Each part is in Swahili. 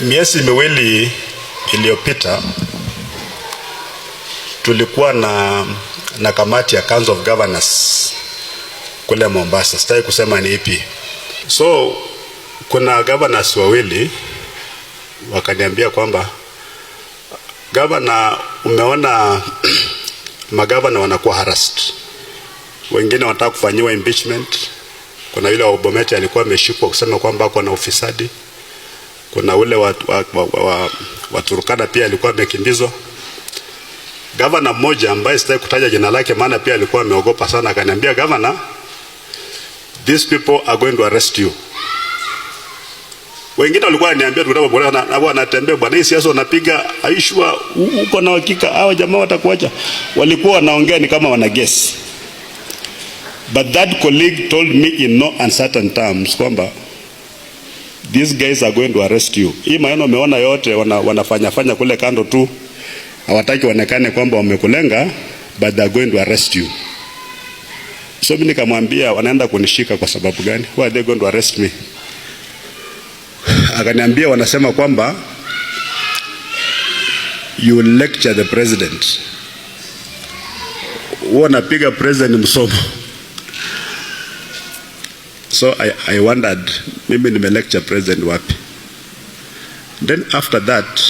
Miezi miwili iliyopita tulikuwa na, na kamati ya Council of Governors kule Mombasa, sitaki kusema ni ipi. So kuna governors wawili wakaniambia kwamba gavana, umeona magavana wanakuwa harassed, wengine wanataka kufanyiwa impeachment. Kuna yule wa Bomet alikuwa ameshikwa kusema kwamba ako na ufisadi kuna ule wa, wa, wa, wa, wa wa Turkana pia alikuwa amekimbizwa. Gavana mmoja ambaye sitaki kutaja jina lake, maana pia alikuwa ameogopa sana, akaniambia gavana, these people are going to arrest you. Wengine walikuwa wananiambia tunataka na hapo anatembea bwana, hii siasa unapiga aishwa, uko na hakika hao jamaa watakuacha. Walikuwa wanaongea ni kama wana guess, but that colleague told me in no uncertain terms kwamba these guys are going to arrest you. Hii maneno umeona yote wana, wanafanya fanya kule kando tu, hawataki onekane kwamba wamekulenga, but they are going to arrest you. So mimi nikamwambia wanaenda kunishika kwa sababu gani? Why are they going to arrest me? Akaniambia wanasema kwamba you lecture the president, huwa napiga president msomo So I, I wondered mimi nime lecture president wapi? Then after that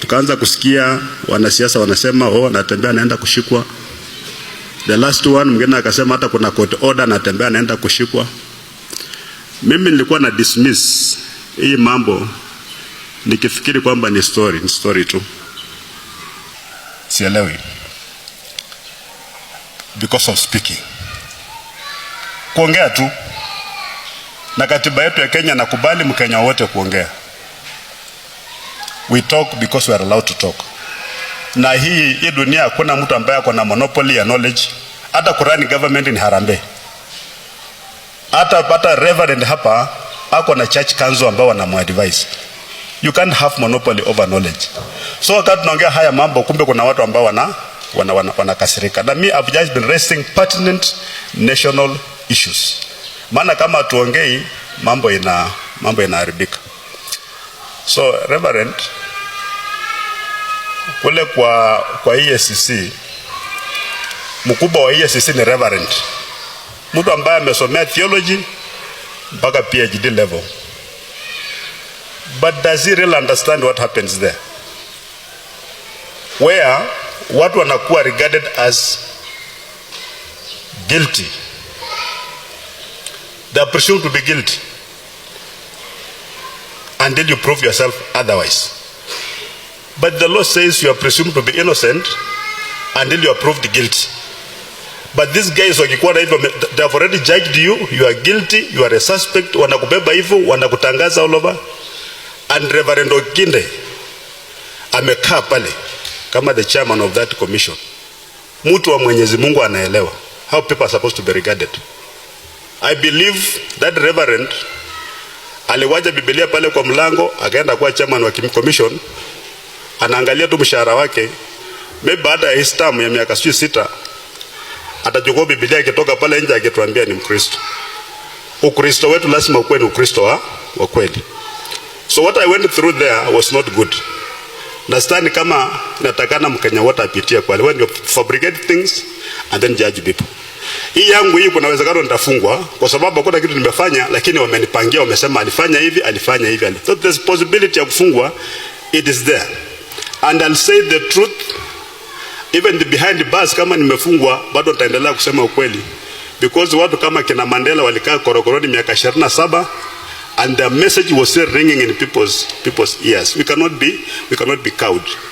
tukaanza kusikia wanasiasa wanasema oh, anatembea anaenda kushikwa. The last one mgeni akasema hata kuna court order anatembea anaenda kushikwa. Mimi nilikuwa na dismiss hii mambo nikifikiri kwamba ni story, ni story tu. Sielewi because of speaking kuongea tu, na katiba yetu ya Kenya nakubali Mkenya wote kuongea. We talk because we are allowed to talk. Na hii hii dunia hakuna mtu ambaye ako na monopoly ya knowledge. Hata kurani government ni harambe, Hata pata reverend hapa ako na church kanzo ambao wanamwadvise. You can't have monopoly over knowledge. So wakati tunaongea haya mambo, kumbe kuna watu ambao wana wanakasirika wana, wana na mi I've just been raising pertinent national issues, maana kama tuongei mambo ina mambo inaharibika. So Reverend, kule kwa kwa EACC mkubwa wa EACC ni Reverend, mtu ambaye amesomea theology mpaka PhD level, but does he really understand what happens there where watu wanakuwa regarded as guilty They are presumed to be guilty until you prove yourself otherwise. But the law says you are presumed to be innocent until you are proved guilty. But this guy is so like, they have already judged you, you are guilty, you are a suspect, wanakubeba hivyo, wanakutangaza all over. And Reverend Oginde amekaa pale kama the chairman of that commission. Mtu wa Mwenyezi Mungu anaelewa how people are supposed to be regarded. I believe that reverend aliwaja Biblia pale kwa mlango akaenda kuwa chairman wa Commission, anaangalia tu mshahara wake. Maybe baada ya his term ya miaka sijui sita atachukua Biblia akitoka pale nje akituambia ni Mkristo. Ukristo wetu lazima ukuwe ni Ukristo wa, wa kweli. So what I went through there was not good. Nastani kama natakana Mkenya wote apitie kwa. leo you fabricate things and then judge people. Hii yangu hii kuna uwezekano nitafungwa kwa sababu hakuna kitu nimefanya, lakini wamenipangia, wamesema alifanya hivi, alifanya hivi. So there's possibility ya kufungwa, it is there. And I'll say the truth even the behind the bars, kama nimefungwa bado nitaendelea kusema ukweli because watu kama kina Mandela walikaa korokoroni miaka 27 and the message was still ringing in people's people's ears. We cannot be we cannot be cowed.